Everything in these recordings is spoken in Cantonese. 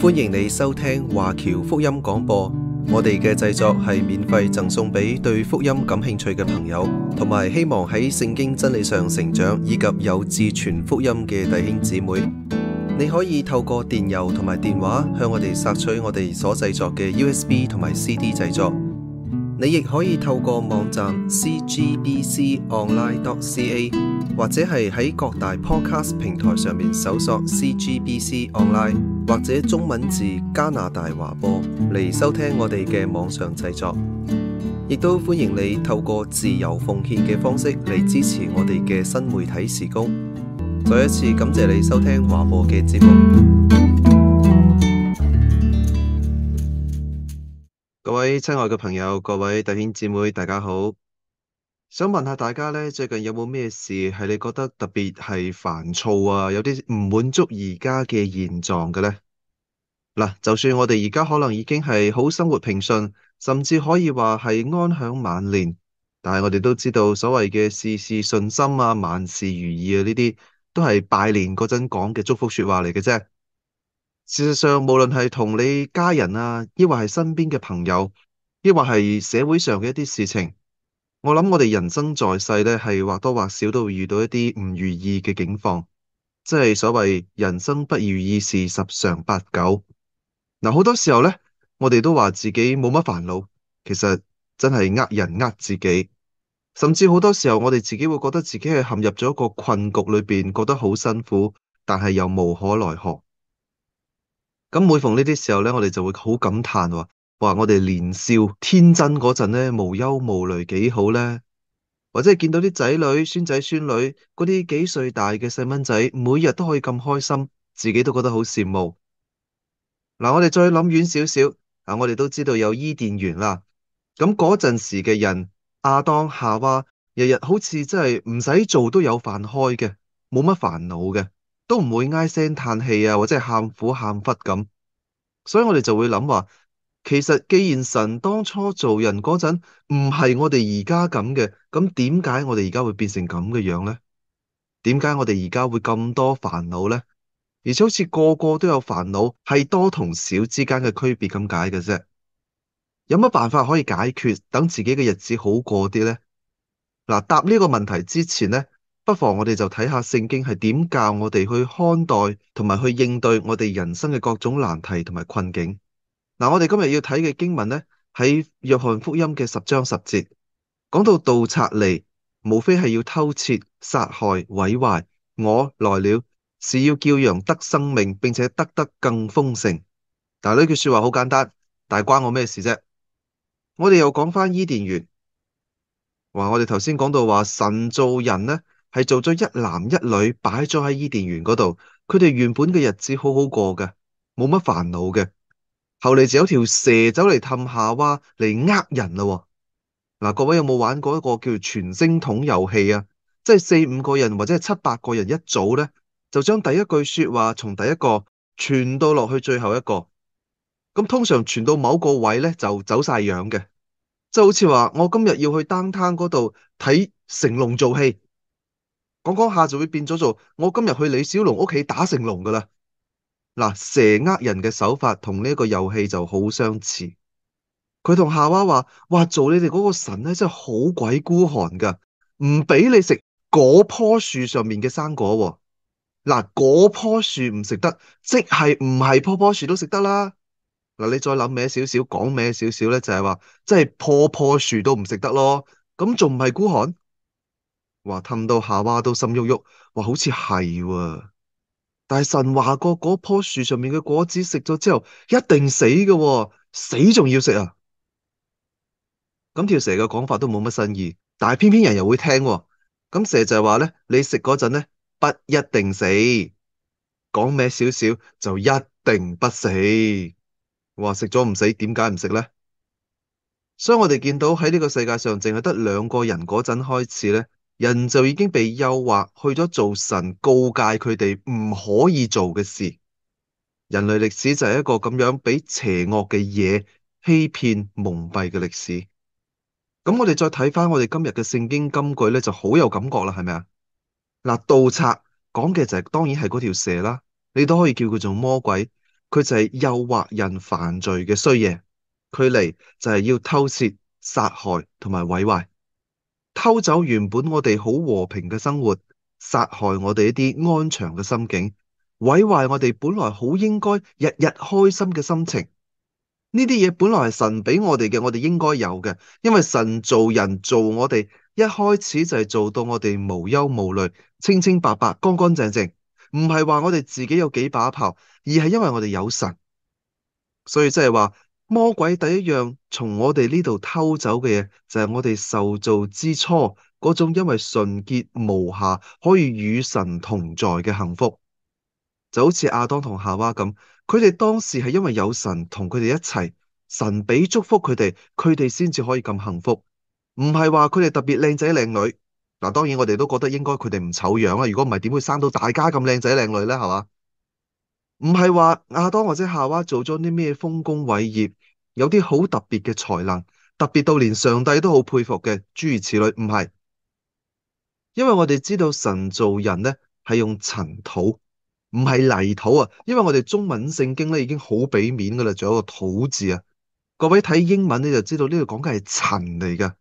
歡迎你收聽華僑福音廣播，我哋嘅製作係免費贈送俾對福音感興趣嘅朋友，同埋希望喺聖經真理上成長以及有志傳福音嘅弟兄姊妹。你可以透過電郵同埋電話向我哋索取我哋所製作嘅 USB 同埋 CD 製作。你亦可以透過網站 cgbconline.ca 或者係喺各大 podcast 平台上面搜索 cgbconline 或者中文字「加拿大華播」嚟收聽我哋嘅網上製作，亦都歡迎你透過自由奉獻嘅方式嚟支持我哋嘅新媒體時工。再一次感謝你收聽華播嘅節目。各位親愛嘅朋友，各位弟兄姊妹，大家好。想問下大家呢，最近有冇咩事係你覺得特別係煩躁啊？有啲唔滿足而家嘅現狀嘅呢？嗱，就算我哋而家可能已經係好生活平順，甚至可以話係安享晚年，但係我哋都知道所謂嘅事事順心啊，萬事如意啊呢啲，都係拜年嗰陣講嘅祝福說話嚟嘅啫。事實上，無論係同你家人啊，抑或係身邊嘅朋友，抑或係社會上嘅一啲事情，我諗我哋人生在世呢，係或多或少都會遇到一啲唔如意嘅境況，即係所謂人生不如意事十常八九。嗱、嗯，好多時候呢，我哋都話自己冇乜煩惱，其實真係呃人呃自己，甚至好多時候我哋自己會覺得自己係陷入咗一個困局裏邊，覺得好辛苦，但係又無可奈何。咁每逢呢啲時候咧，我哋就會好感嘆話：哇！我哋年少天真嗰陣咧，無憂無慮，幾好呢？或者係見到啲仔女、孫仔、孫女嗰啲幾歲大嘅細蚊仔，每日都可以咁開心，自己都覺得好羨慕。嗱，我哋再諗遠少少，我哋都知道有伊甸園啦。咁嗰陣時嘅人，亞當、夏娃，日日好似真係唔使做都有飯開嘅，冇乜煩惱嘅，都唔會唉聲嘆氣啊，或者係喊苦喊忽咁，所以我哋就會諗話，其實既然神當初造人嗰陣唔係我哋而家咁嘅，咁點解我哋而家會變成咁嘅樣咧？點解我哋而家會咁多煩惱咧？而且好似個個都有煩惱，係多同少之間嘅區別咁解嘅啫。有乜辦法可以解決，等自己嘅日子好過啲咧？嗱，答呢個問題之前咧。不妨我哋就睇下聖經係點教我哋去看待同埋去應對我哋人生嘅各種難題同埋困境。嗱、嗯，我哋今日要睇嘅經文咧，喺約翰福音嘅十章十節，講到盜賊嚟，無非係要偷竊、殺害、毀壞。我來了，是要叫羊得生命，並且得得更豐盛。嗱，呢句說話好簡單，但係關我咩事啫？我哋又講返伊甸園，話我哋頭先講到話神造人咧，係做咗一男一女擺咗喺伊甸園嗰度，佢哋原本嘅日子好好過嘅，冇乜煩惱嘅。後嚟就有條蛇走嚟氹夏娃嚟呃人啦。嗱，各位有冇玩過一個叫傳聲筒遊戲啊？即係四五個人或者係七八個人一組咧，就將第一句說話從第一個傳到落去最後一個。咁通常傳到某個位咧，就走晒樣嘅，即係好似話我今日要去丹攤嗰度睇成龍做戲。講講下就會變咗做我今日去李小龍屋企打成龍噶啦嗱，蛇呃人嘅手法同呢一個遊戲就好相似。佢同夏娃話，話做你哋嗰個神咧，真係好鬼孤寒噶唔俾你食嗰棵樹上面嘅生果。嗱，嗰棵樹唔食得，即係唔係棵棵樹都食得啦。嗱，你再諗歪少少，講歪少少咧，就係話，即係棵棵樹都唔食得咯。咁仲唔係孤寒？話氹到夏娃都心郁郁，話好似係喎，但神話過嗰棵樹上面嘅果子食咗之後一定死嘅、哦，死仲要食啊！咁條蛇嘅講法都冇乜新意，但係偏偏人又會聽、哦，咁蛇就係話咧，你食嗰陣咧不一定死，講咩少少就一定不死，話食咗唔死，點解唔食咧？所以我哋見到喺呢個世界上淨係得兩個人嗰陣開始咧。人就已經被誘惑去咗做神告誡佢哋唔可以做嘅事。人類歷史就係一個咁樣俾邪惡嘅嘢欺騙蒙蔽嘅歷史。咁我哋再睇返我哋今日嘅聖經金句咧，就好有感覺啦，係咪啊？嗱，盜賊講嘅就係、是、當然係嗰條蛇啦，你都可以叫佢做魔鬼。佢就係誘惑人犯罪嘅衰嘢，佢嚟就係要偷竊、殺害同埋毀壞。偷走原本我哋好和平嘅生活，殺害我哋一啲安詳嘅心境，毀壞我哋本來好應該日日開心嘅心情。呢啲嘢本來係神俾我哋嘅，我哋應該有嘅，因為神造人造我哋，一開始就係做到我哋無憂無慮、清清白白、乾乾淨淨，唔係話我哋自己有幾把炮，而係因為我哋有神，所以即係話。魔鬼第一樣從我哋呢度偷走嘅嘢，就係我哋受造之初嗰種因為純潔無瑕可以與神同在嘅幸福，就好似亞當同夏娃咁，佢哋當時係因為有神同佢哋一齊，神俾祝福佢哋，佢哋先至可以咁幸福。唔係話佢哋特別靚仔靚女，嗱當然我哋都覺得應該佢哋唔醜樣啊。如果唔係點會生到大家咁靚仔靚女咧？係嘛？唔係話亞當或者夏娃做咗啲咩豐功偉業，有啲好特別嘅才能，特別到連上帝都好佩服嘅諸如此類，唔係，因為我哋知道神造人咧係用塵土，唔係泥土啊，因為我哋中文聖經咧已經好俾面噶啦，仲有一個土字啊，各位睇英文你就知道呢度講嘅係塵嚟噶，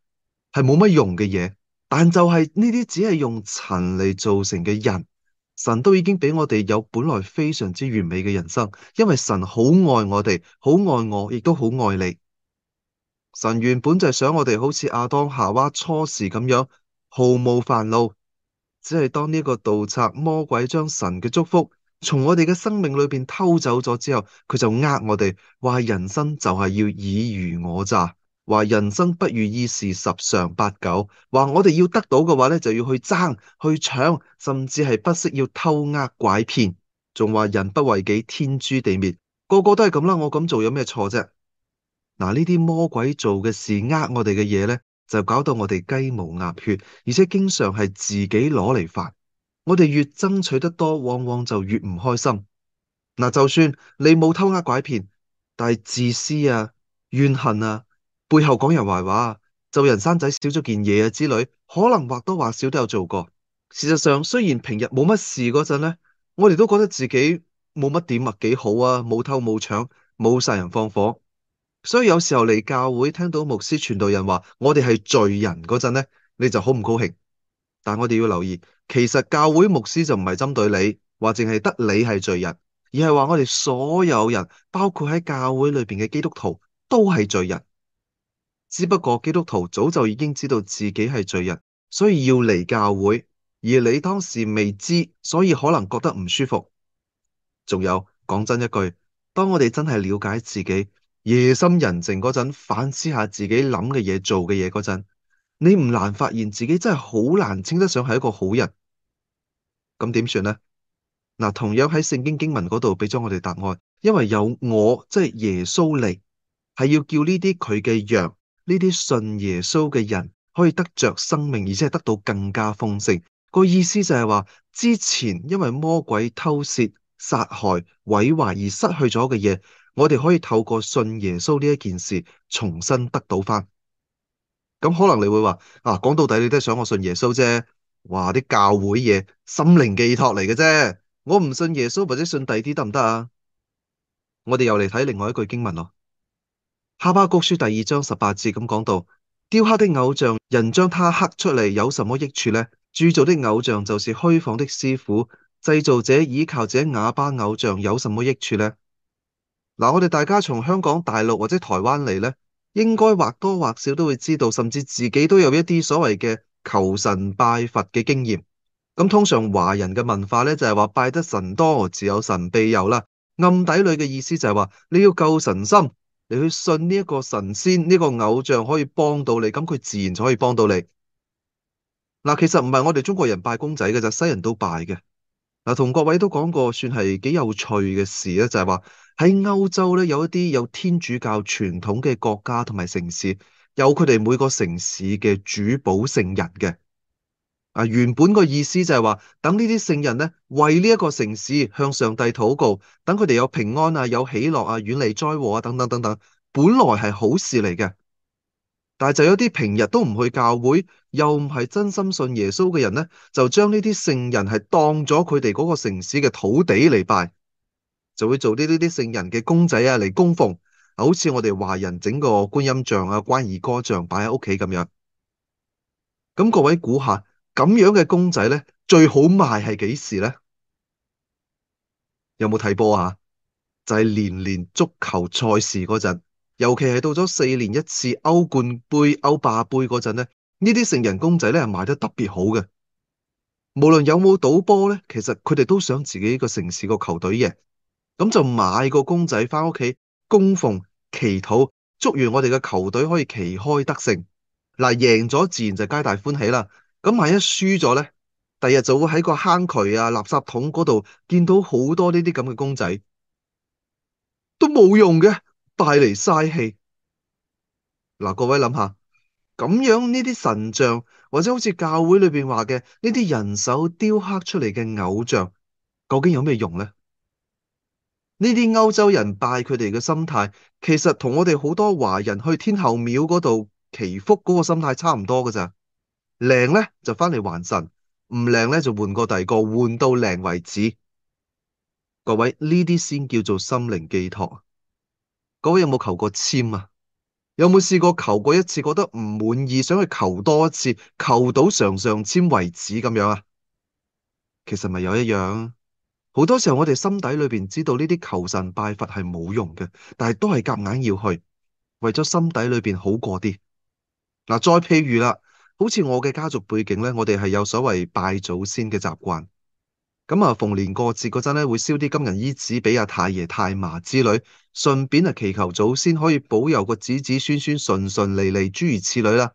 係冇乜用嘅嘢，但就係呢啲只係用塵嚟造成嘅人。神都已經畀我哋有本來非常之完美嘅人生，因為神好愛我哋，好愛我，亦都好愛你。神原本就想我哋好似亞當夏娃初時咁樣，毫無煩惱，只係當呢個盜賊魔鬼將神嘅祝福從我哋嘅生命裏邊偷走咗之後，佢就呃我哋，話人生就係要爾虞我詐。話人生不如意事十常八九，話我哋要得到嘅話咧就要去爭去搶，甚至係不惜要偷呃拐騙，仲話人不為己天誅地滅，個個都係咁啦。我咁做有咩錯啫？嗱，呢啲魔鬼做嘅事，呃我哋嘅嘢咧，就搞到我哋雞毛鴨血，而且經常係自己攞嚟煩。我哋越爭取得多，往往就越唔開心。嗱，就算你冇偷呃拐騙，但係自私啊、怨恨啊。背後講人壞話，就人生仔少咗件嘢啊之類，可能或多或少都有做過。事實上，雖然平日冇乜事嗰陣咧，我哋都覺得自己冇乜點啊，幾好啊，冇偷冇搶，冇殺人放火。所以有時候嚟教會聽到牧師傳道人話我哋係罪人嗰陣咧，你就好唔高興。但我哋要留意，其實教會牧師就唔係針對你，話淨係得你係罪人，而係話我哋所有人，包括喺教會裏邊嘅基督徒，都係罪人。只不過基督徒早就已經知道自己係罪人，所以要嚟教會，而你當時未知，所以可能覺得唔舒服。仲有講真一句，當我哋真係了解自己夜深人靜嗰陣，反思下自己諗嘅嘢、做嘅嘢嗰陣，你唔難發現自己真係好難稱得上係一個好人。咁點算呢？嗱，同樣喺聖經經文嗰度俾咗我哋答案，因為有我，即係耶穌嚟，係要叫呢啲佢嘅羊。呢啲信耶穌嘅人可以得着生命，而且係得到更加豐盛。個意思就係話，之前因為魔鬼偷竊、殺害、毀壞而失去咗嘅嘢，我哋可以透過信耶穌呢一件事，重新得到翻。咁可能你會話啊，講到底你都係想我信耶穌啫。哇，啲教會嘢心靈寄託嚟嘅啫。我唔信耶穌或者信第啲得唔得啊？我哋又嚟睇另外一句經文咯。《哈巴谷書》第二章十八節咁講到：雕刻的偶像，人將他刻出嚟，有什麼益處呢？鑄造的偶像就是虛謊的師傅，製造者倚靠這啞巴偶像，有什麼益處呢？嗱，我哋大家從香港、大陸或者台灣嚟呢，應該或多或少都會知道，甚至自己都有一啲所謂嘅求神拜佛嘅經驗。咁通常華人嘅文化呢，就係、是、話拜得神多，自有神庇佑啦。暗底裏嘅意思就係話，你要夠神心。你去信呢一個神仙呢、呢個偶像可以幫到你，咁佢自然就可以幫到你。嗱，其實唔係我哋中國人拜公仔嘅，就西人都拜嘅。嗱，同各位都講過，算係幾有趣嘅事咧，就係話喺歐洲咧有一啲有天主教傳統嘅國家同埋城市，有佢哋每個城市嘅主保聖人嘅。啊！原本個意思就係話，等呢啲聖人咧，為呢一個城市向上帝禱告，等佢哋有平安啊，有喜樂啊，遠離災禍啊，等等等等，本來係好事嚟嘅。但係就有啲平日都唔去教會，又唔係真心信耶穌嘅人咧，就將呢啲聖人係當咗佢哋嗰個城市嘅土地嚟拜，就會做啲呢啲聖人嘅公仔啊嚟供奉，好似我哋華人整個觀音像啊、關二哥像擺喺屋企咁樣。咁各位估下？咁樣嘅公仔咧，最好賣係幾時咧？有冇睇波啊？就係年年足球賽事嗰陣，尤其係到咗四年一次歐冠盃、歐霸盃嗰陣咧，呢啲成人公仔咧賣得特別好嘅。無論有冇賭波咧，其實佢哋都想自己個城市個球隊嘅，咁就買個公仔返屋企供奉、祈禱，祝願我哋嘅球隊可以旗開得勝。嗱，啊，贏咗自然就皆大歡喜啦。咁萬一輸咗咧，第日就會喺個坑渠啊、垃圾桶嗰度見到好多呢啲咁嘅公仔，都冇用嘅，帶嚟嘥氣。嗱、啊，各位諗下，咁樣呢啲神像，或者好似教會裏邊話嘅呢啲人手雕刻出嚟嘅偶像，究竟有咩用咧？呢啲歐洲人拜佢哋嘅心態，其實同我哋好多華人去天后廟嗰度祈福嗰個心態差唔多噶咋。靚咧就翻嚟還神，唔靚咧就換過第二個，換到靚為止。各位呢啲先叫做心靈寄託。各位有冇求過簽啊？有冇試過求過一次覺得唔滿意，想去求多一次，求到上上簽為止咁樣啊？其實咪有一樣。好多時候我哋心底裏邊知道呢啲求神拜佛係冇用嘅，但係都係夾硬要去，為咗心底裏邊好過啲。嗱，再譬如啦。好似我嘅家族背景咧，我哋係有所謂拜祖先嘅習慣。咁啊，逢年過節嗰陣咧，會燒啲金銀衣紙俾阿太爺、太嫲之類，順便啊祈求祖先可以保佑個子子孫孫順順利利，諸如此類啦。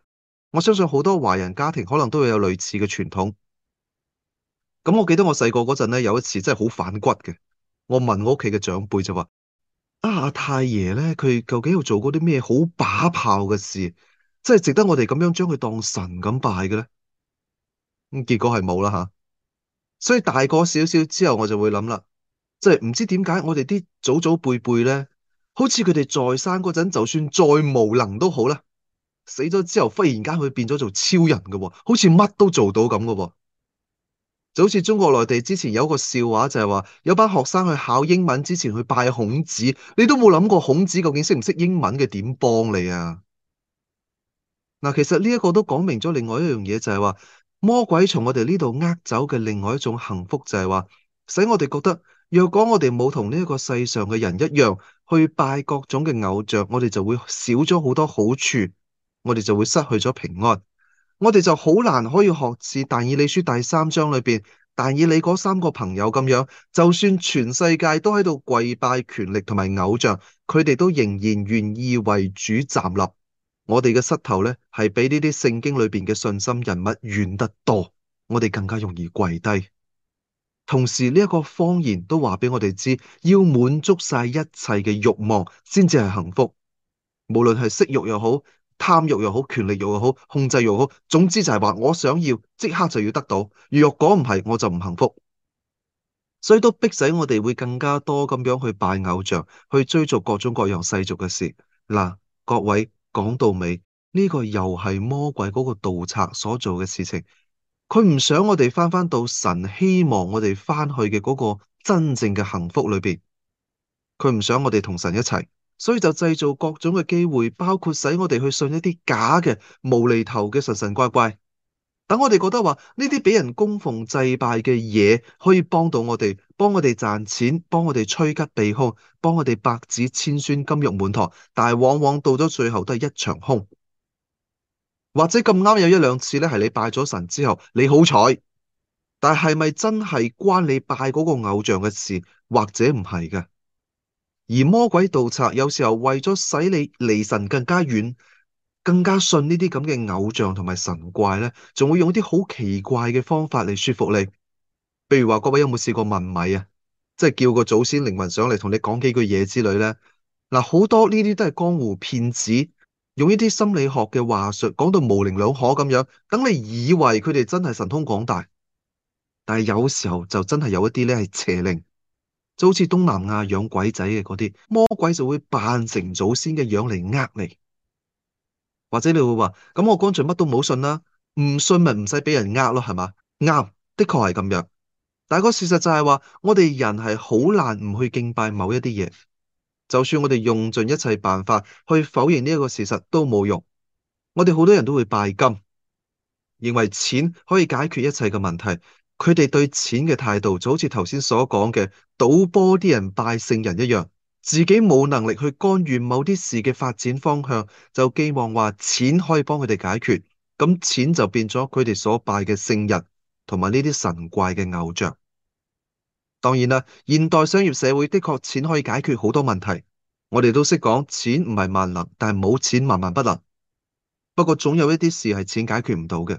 我相信好多華人家庭可能都會有類似嘅傳統。咁我記得我細個嗰陣咧，有一次真係好反骨嘅，我問我屋企嘅長輩就話：啊，阿太爺咧，佢究竟有做過啲咩好把炮嘅事？真係值得我哋咁樣將佢當神咁拜嘅咧？咁結果係冇啦吓。所以大個少少之後，我就會諗啦，即係唔知點解我哋啲祖祖輩輩咧，好似佢哋在生嗰陣，就算再無能都好啦，死咗之後忽然間佢變咗做超人嘅喎，好似乜都做到咁嘅喎。就好似中國內地之前有一個笑話就，就係話有班學生去考英文之前去拜孔子，你都冇諗過孔子究竟識唔識英文嘅，點幫你啊？嗱，其實呢一個都講明咗另外一樣嘢，就係話魔鬼從我哋呢度呃走嘅另外一種幸福，就係話使我哋覺得，若果我哋冇同呢一個世上嘅人一樣去拜各種嘅偶像，我哋就會少咗好多好處，我哋就會失去咗平安，我哋就好難可以學似但以理書第三章裏邊但以理嗰三個朋友咁樣，就算全世界都喺度跪拜權力同埋偶像，佢哋都仍然願意為主站立。我哋嘅膝頭咧，係比呢啲聖經裏邊嘅信心人物軟得多，我哋更加容易跪低。同時呢個方言都話俾我哋知，要滿足晒一切嘅欲望，先至係幸福。無論係色欲又好，貪欲又好，權力又好，控制又好，總之就係話我想要，即刻就要得到。若果唔係，我就唔幸福。所以都逼使我哋會更加多咁樣去拜偶像，去追逐各種各樣世俗嘅事。嗱，各位。講到尾，呢個又係魔鬼嗰個盜賊所做嘅事情。佢唔想我哋翻返到神希望我哋翻去嘅嗰個真正嘅幸福裏邊，佢唔想我哋同神一齊，所以就製造各種嘅機會，包括使我哋去信一啲假嘅無厘頭嘅神神怪怪，等我哋覺得話呢啲俾人供奉祭拜嘅嘢可以幫到我哋。幫我哋賺錢，幫我哋趨吉避凶，幫我哋百子千孫金玉滿堂。但係往往到咗最後都係一場空，或者咁啱有一兩次咧，係你拜咗神之後，你好彩。但係咪真係關你拜嗰個偶像嘅事，或者唔係嘅？而魔鬼盜賊有時候為咗使你離神更加遠，更加信呢啲咁嘅偶像同埋神怪咧，仲會用啲好奇怪嘅方法嚟說服你。譬如話，各位有冇試過問米啊？即係叫個祖先靈魂上嚟同你講幾句嘢之類咧。嗱，好多呢啲都係江湖騙子，用呢啲心理學嘅話術講到模棱兩可咁樣，等你以為佢哋真係神通廣大。但係有時候就真係有一啲咧係邪靈，就好似東南亞養鬼仔嘅嗰啲魔鬼，就會扮成祖先嘅樣嚟呃你，或者你會話咁，我乾脆乜都冇信啦，唔信咪唔使俾人呃咯，係嘛？啱，的確係咁樣。但係個事實就係話，我哋人係好難唔去敬拜某一啲嘢，就算我哋用盡一切辦法去否認呢一個事實都冇用。我哋好多人都會拜金，認為錢可以解決一切嘅問題。佢哋對錢嘅態度就好似頭先所講嘅賭波啲人拜聖人一樣，自己冇能力去干預某啲事嘅發展方向，就寄望話錢可以幫佢哋解決。咁錢就變咗佢哋所拜嘅聖人同埋呢啲神怪嘅偶像。當然啦，現代商業社會的確錢可以解決好多問題，我哋都識講錢唔係萬能，但係冇錢萬萬不能。不過總有一啲事係錢解決唔到嘅，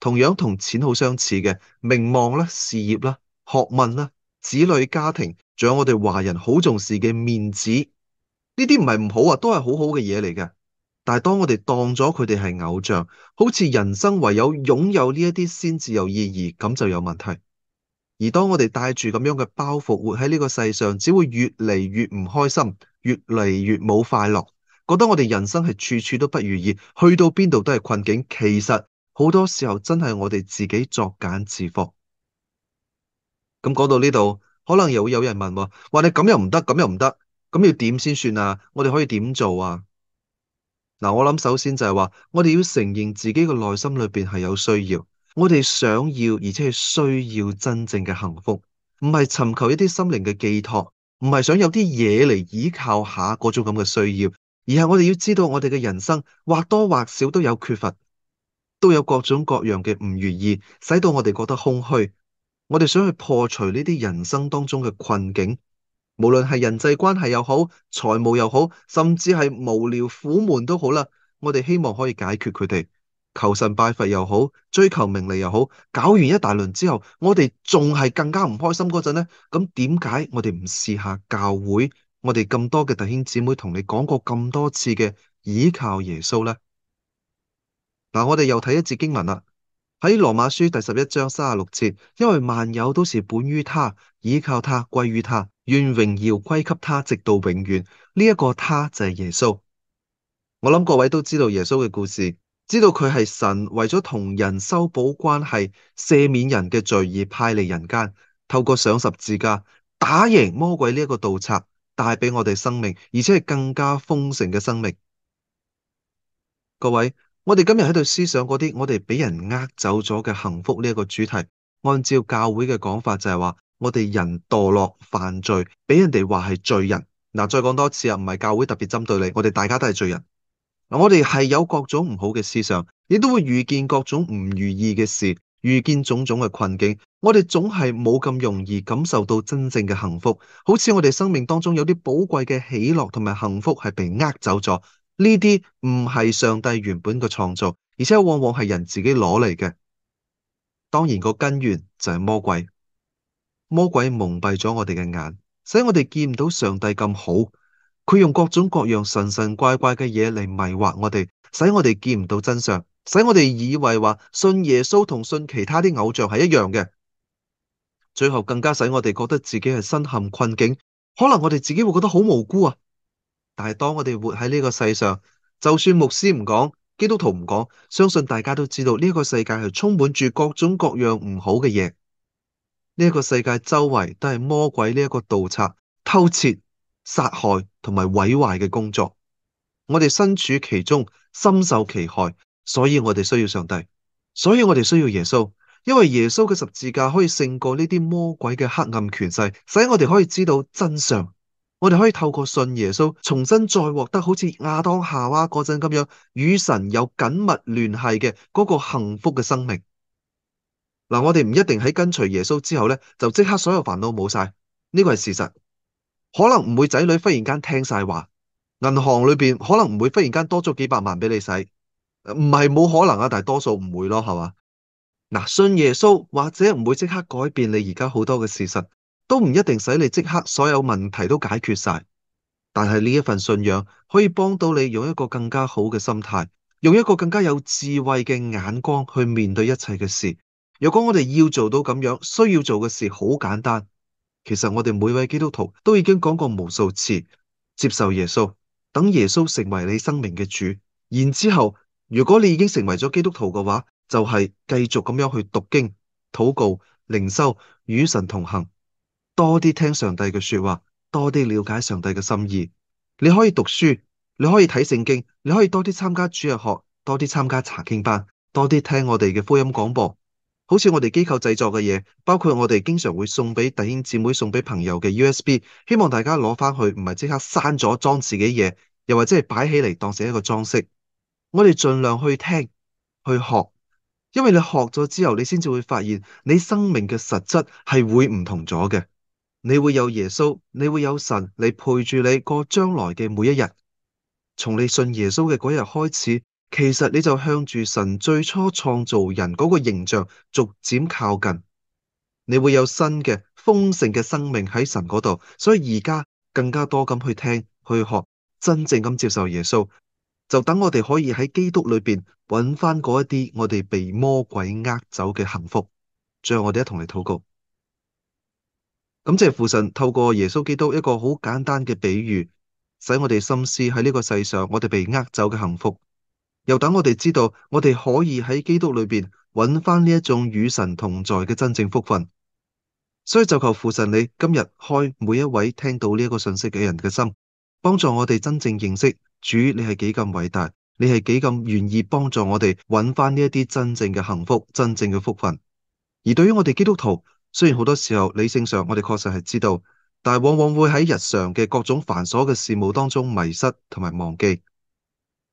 同樣同錢好相似嘅名望啦、啊、事業啦、啊、學問啦、啊、子女家庭，仲有我哋華人好重視嘅面子，呢啲唔係唔好啊，都係好好嘅嘢嚟嘅。但係當我哋當咗佢哋係偶像，好似人生唯有擁有呢一啲先至有意義，咁就有問題。而當我哋帶住咁樣嘅包袱活喺呢個世上，只會越嚟越唔開心，越嚟越冇快樂，覺得我哋人生係處處都不如意，去到邊度都係困境。其實好多時候真係我哋自己作繭自縛。咁講到呢度，可能又會有人問：話你咁又唔得，咁又唔得，咁要點先算啊？我哋可以點做啊？嗱，我諗首先就係話，我哋要承認自己嘅內心裏邊係有需要。我哋想要而且係需要真正嘅幸福，唔係尋求一啲心靈嘅寄託，唔係想有啲嘢嚟依靠下嗰種咁嘅需要，而係我哋要知道我哋嘅人生或多或少都有缺乏，都有各種各樣嘅唔如意，使到我哋覺得空虛。我哋想去破除呢啲人生當中嘅困境，無論係人際關係又好，財務又好，甚至係無聊苦悶都好啦。我哋希望可以解決佢哋。求神拜佛又好，追求名利又好，搞完一大輪之後，我哋仲係更加唔開心嗰陣呢，咁點解我哋唔試下教會？我哋咁多嘅弟兄姊妹同你講過咁多次嘅倚靠耶穌呢？嗱，我哋又睇一節經文啦，喺羅馬書第十一章三十六節，因為萬有都是本於他，倚靠他，歸於他，願榮耀歸給他，直到永遠。呢一個他就係耶穌。我諗各位都知道耶穌嘅故事。知道佢係神為咗同人修補關係，赦免人嘅罪而派嚟人間，透過上十字架打贏魔鬼呢一個盜賊，帶俾我哋生命，而且係更加豐盛嘅生命。各位，我哋今日喺度思想嗰啲我哋俾人呃走咗嘅幸福呢一個主題，按照教會嘅講法就係話，我哋人墮落犯罪，俾人哋話係罪人。嗱，再講多次啊，唔係教會特別針對你，我哋大家都係罪人。我哋係有各種唔好嘅思想，亦都會遇見各種唔如意嘅事，遇見種種嘅困境。我哋總係冇咁容易感受到真正嘅幸福，好似我哋生命當中有啲寶貴嘅喜樂同埋幸福係被呃走咗。呢啲唔係上帝原本嘅創造，而且往往係人自己攞嚟嘅。當然，個根源就係魔鬼，魔鬼蒙蔽咗我哋嘅眼，使我哋見唔到上帝咁好。佢用各種各樣神神怪怪嘅嘢嚟迷惑我哋，使我哋見唔到真相，使我哋以為話信耶穌同信其他啲偶像係一樣嘅，最後更加使我哋覺得自己係身陷困境，可能我哋自己會覺得好無辜啊！但係當我哋活喺呢個世上，就算牧師唔講，基督徒唔講，相信大家都知道呢個世界係充滿住各種各樣唔好嘅嘢，呢個世界周圍都係魔鬼呢個盜賊偷竊殺害同埋毀壞嘅工作，我哋身處其中，深受其害，所以我哋需要上帝，所以我哋需要耶穌，因為耶穌嘅十字架可以勝過呢啲魔鬼嘅黑暗權勢，使我哋可以知道真相，我哋可以透過信耶穌，重新再獲得好似亞當夏娃嗰陣咁樣與神有緊密聯繫嘅嗰個幸福嘅生命。嗱，我哋唔一定喺跟隨耶穌之後咧，就即刻所有煩惱冇晒，呢個係事實。可能唔會仔女忽然間聽晒話，銀行裏邊可能唔會忽然間多咗幾百萬俾你使，唔係冇可能啊，但係多數唔會咯，係嘛？嗱，信耶穌或者唔會即刻改變你而家好多嘅事實，都唔一定使你即刻所有問題都解決晒。但係呢一份信仰可以幫到你用一個更加好嘅心態，用一個更加有智慧嘅眼光去面對一切嘅事。如果我哋要做到咁樣，需要做嘅事好簡單。其實我哋每位基督徒都已經講過無數次，接受耶穌，等耶穌成為你生命嘅主。然之後，如果你已經成為咗基督徒嘅話，就係、是、繼續咁樣去讀經、禱告、靈修、與神同行，多啲聽上帝嘅說話，多啲了解上帝嘅心意。你可以讀書，你可以睇聖經，你可以多啲參加主日學，多啲參加查經班，多啲聽我哋嘅福音廣播。好似我哋機構製作嘅嘢，包括我哋經常會送俾弟兄姊妹、送俾朋友嘅 U.S.B，希望大家攞翻去，唔係即刻刪咗裝自己嘢，又或者係擺起嚟當成一個裝飾。我哋盡量去聽、去學，因為你學咗之後，你先至會發現你生命嘅實質係會唔同咗嘅。你會有耶穌，你會有神，你陪住你過將來嘅每一日，從你信耶穌嘅嗰日開始。其實你就向住神最初創造人嗰個形象逐漸靠近，你會有新嘅豐盛嘅生命喺神嗰度，所以而家更加多咁去聽去學，真正咁接受耶穌，就等我哋可以喺基督裏邊揾翻嗰一啲我哋被魔鬼呃走嘅幸福。最後我哋一同嚟禱告，感謝父神透過耶穌基督一個好簡單嘅比喻，使我哋深思喺呢個世上，我哋被呃走嘅幸福。又等我哋知道，我哋可以喺基督裏邊揾翻呢一種與神同在嘅真正福分。所以就求父神你今日開每一位聽到呢一個信息嘅人嘅心，幫助我哋真正認識主，你係幾咁偉大，你係幾咁願意幫助我哋揾翻呢一啲真正嘅幸福、真正嘅福分。而對於我哋基督徒，雖然好多時候理性上我哋確實係知道，但往往會喺日常嘅各種繁瑣嘅事務當中迷失同埋忘記。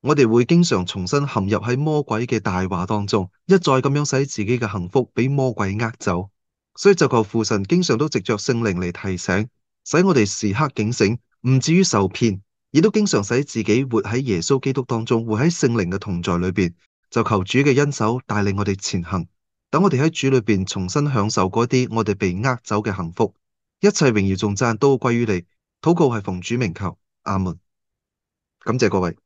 我哋會經常重新陷入喺魔鬼嘅大話當中，一再咁樣使自己嘅幸福被魔鬼呃走，所以就求父神經常都藉着聖靈嚟提醒，使我哋時刻警醒，唔至於受騙，亦都經常使自己活喺耶穌基督當中，活喺聖靈嘅同在裏邊。就求主嘅恩手帶領我哋前行，等我哋喺主裏邊重新享受嗰啲我哋被呃走嘅幸福，一切榮耀頌讚都歸於你。禱告係奉主名求，阿門。感謝各位。